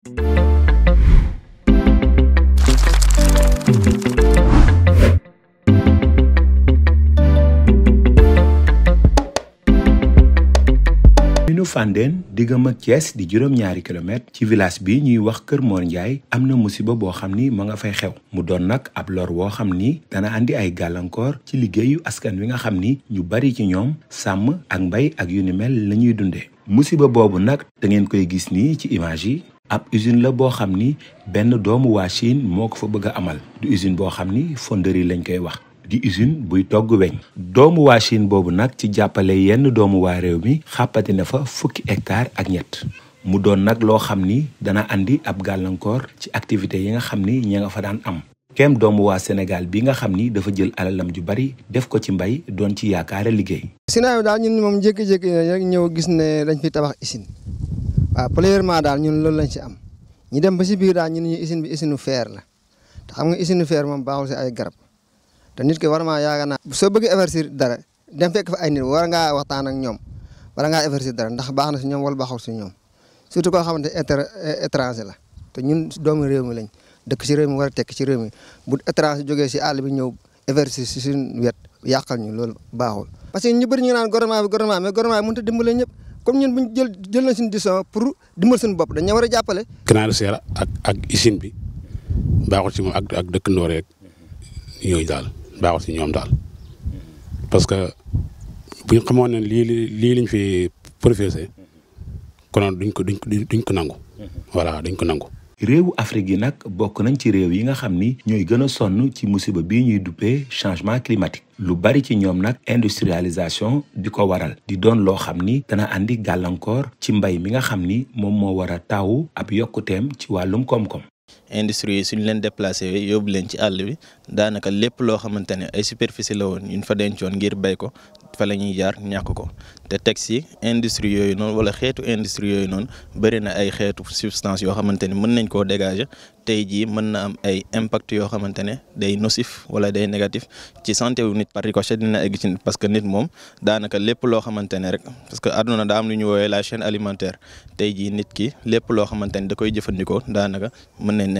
ñu Fandène diggam ak cees di juróom-ñaari kilomètre ci village bi ñuy wax Kër Mor njaay am na musiba boo xam ni ma nga fay xew mu doon nag ab lor woo xam ni dana indi ay gàllankoor ci liggéeyu askan wi nga xam ni ñu bari ci ñoom sàmm ak mbay ak yu ni mel la ñuy musiba boobu nag da ngeen koy gis nii ci image yi ab usine la boo xam ni benn doomu waa Chine moo ko fa bëgg amal du usine boo xam ni fonderie lañ koy wax di usine buy togg weñ doomu waa Chine boobu nag ci jàppale yenn doomu waa réew mi xàppati na fa fukki hectare ak ñett mu doon nag loo xam ni dana andi ab gàllankoor ci activité yi nga xam ni ña nga fa daan am kem doomu waa Sénégal bi nga xam ni dafa jël alalam ju bari def ko ci mbay doon ci yaakaare liggéey. Sinaaw daal ñun moom jékki-jékki ñëw gis ne waaw premièrement daal ñun loolu lañ ci am ñu dem ba ci biir daal ñun ñu usine bi usine fer la te xam nga usine fer moom baaxul ci ay garab nit ki war maa yaakaar na soo bëggee avertir dara dem fekk fa ay nit war ngaa waxtaan ak ñoom war ngaa avertir dara ndax baax na ci ñoom wala baaxul ci ñoom surtout koo xamante étranger la te ñun doomu réew mi lañ dëkk ci réew mi war a tekk ci réew mi bu étranger jógee ci àll bi ñëw avertir ci suñu wet yàqal ñu loolu baaxul. parce a dimbale ñëpp. comme ñun bu jël jël nañ suñu décision pour dimbal suñu bopp dañ war a jàppale. canal seera ak ak usine bi baaxul si moom ak ak dëkkandoo rek yooyu daal baaxul si ñoom daal parce que bu xamoon ne lii lii liñ fi professé konoon duñ ko duñ ko duñ ko nangu. Mhm. voilà duñ ko nangu. réewu Afrique yi nag bokk nañ ci réew yi nga xam ni ñooy gën a sonn ci musiba bii ñuy duppee changement climatique lu bari ci ñoom nag industrialisation di ko waral di doon loo xam ni dana indi gàllankoor ci mbay mi nga xam ni moom moo war a taawu ab yokkuteem ci wàllum koom-koom industrie yi suñ leen déplacé yóbbu leen ci àll bi daanaka lépp loo xamante ne ay superficie la woon ñu fa dencoon ngir bay ko fa la ñuy jaar ñàkk ko te teg si industrie yooyu noonu wala xeetu industrie yooyu noonu bëri na ay xeetu substance yoo xamante ne mën nañ koo dégager tey jii mën na am ay impact yoo xamante ne day nossif wala day négatif ci santé wu nit par ricochet dina egg ci nit parce que nit moom daanaka lépp loo xamante ne rek parce que àdduna daa am lu ñu woowee la alimentaire tey jii nit ki lépp loo xamante ne da koy jëfandikoo daanaka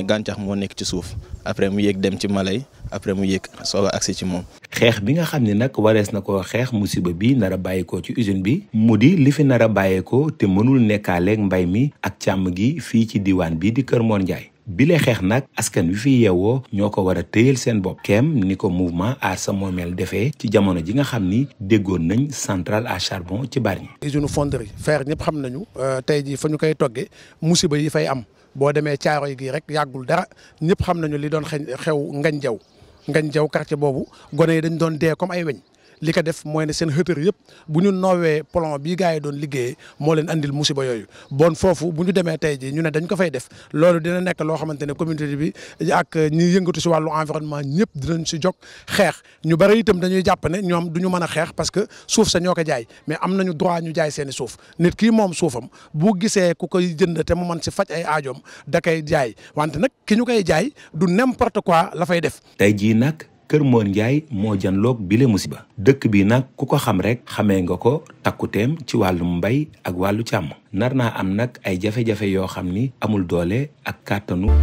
ne moo nekk ci suuf après mu yéeg dem ci malay après mu yéeg soo a agsi ci moom. xeex bi nga xam ne nag warees na ko xeex musiba bi nar a bàyyeekoo ci usine bi mu di li fi nar a bàyyeekoo te mënul nekkaaleeg mbay mi ak càmm gi fii ci diwaan bi di Kër Mor Ndiaye. bile xeex nag askan wi fi yeewoo ñoo ko war a téyal seen bopp kem ni ko mouvement aar sa moomeel defee ci jamono ji nga xam ni déggoon nañ central à charbon ci yi usine fonderie fer ñëpp xam nañu euh, tey jii fa ñu koy toggee musiba yi fay am boo demee caaro yi gii rek yàggul dara ñëpp xam nañu li doon xew ngañ jaw ngañ jaw quartier boobu gone yi dañ doon dee comme ay weñ li ko def mooy ne seen hëtër yëpp bu ñu noowee plomb bii gars yi doon liggéeyee moo leen andil musiba yooyu bon foofu bu ñu demee tey ji ñu ne dañ ko fay def loolu dina nekk loo xamante ne communauté bi ak ñi yëngatu si environnement ñëpp dinañ si jog xeex ñu bari itam dañuy jàpp ne ñoom du ñu mën a xeex parce que suuf sa ñoo ko jaay mais am nañu droit ñu jaay seeni suuf nit kii moom suufam bu gisee ku koy jënd te mu mën si faj ay aajoom da koy jaay wante nag ki ñu koy jaay du n'importe quoi la fay def tey jii nag Kër Mor Ndiaye moo janloog bile musiba dëkk bi nag ku ko xam rek xamee nga ko takkuteem ci wàllum mbay ak wàllu càmm nar naa am nag ay jafe-jafe yoo xam ni amul doole ak kàttanu